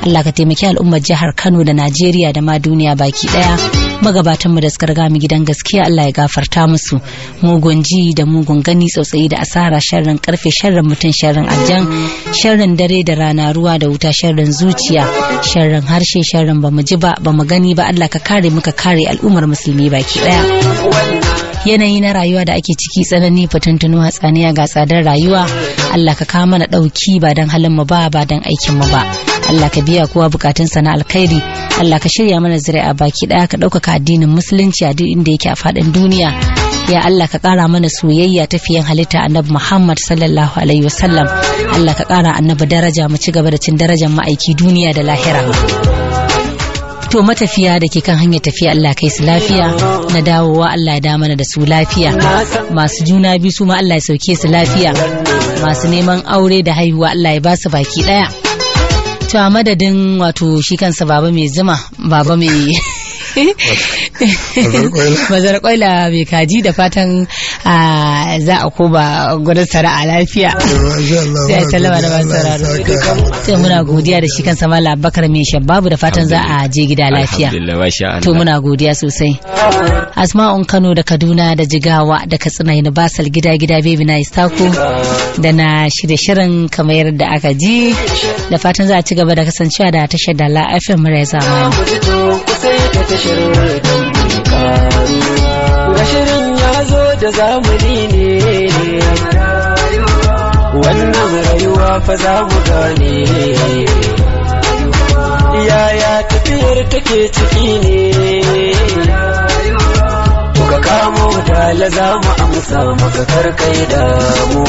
Allah ka taimaki al'ummar jihar Kano da Najeriya da ma duniya baki daya magabatanmu da suka riga mu gidan gaskiya Allah ya gafarta musu mugun ji da mugun gani tsautsayi da asara sharrin karfe sharrin mutum sharrin aljan sharrin dare da rana ruwa da wuta sharrin zuciya sharrin harshe sharrin bamu ji ba bamu gani ba Allah ka kare muka kare al'ummar musulmi baki daya yanayi na rayuwa da ake ciki tsanani fitintunu hatsaniya ga tsadar rayuwa Allah ka kawo mana ɗauki ba don halin mu ba ba don aikinmu ba Allah ka biya kowa bukatun sana alkhairi Allah ka shirya mana zuri'a baki ɗaya ka ɗaukaka addinin musulunci a duk inda yake a faɗin duniya ya Allah ka ƙara mana soyayya ta fiyan halitta annabi Muhammad sallallahu alaihi wasallam Allah ka ƙara annabi daraja mu ci gaba da cin darajar ma'aiki duniya da lahira. to matafiya da ke kan hanyar tafiya Allah kai su lafiya na dawowa Allah ya da da su lafiya masu juna biyu su ma Allah ya sauke su lafiya masu neman aure da haihuwa Allah ya ba su baki daya to a madadin wato shi kansa baba mai zuma baba mai Bazar kwaila mai kaji da fatan za a koma gudun a lafiya. Sai salama da masu sauraro. Sai muna godiya da shi kan sama labakar mai shababu da fatan za a je gida lafiya. To muna godiya sosai. Asma'un Kano da Kaduna da Jigawa da Katsina yana basal gida gida baby na istaku da na shirye shirin kamar da aka ji da fatan za a ci gaba da kasancewa da tashar da la'afin mura ya zama da tashar karuwa shirin ya zo da zamani ne wannan rayuwa fa za mu gane yaya tafiyar take ciki ne ka kamo da la za mu amsa maka karkai damu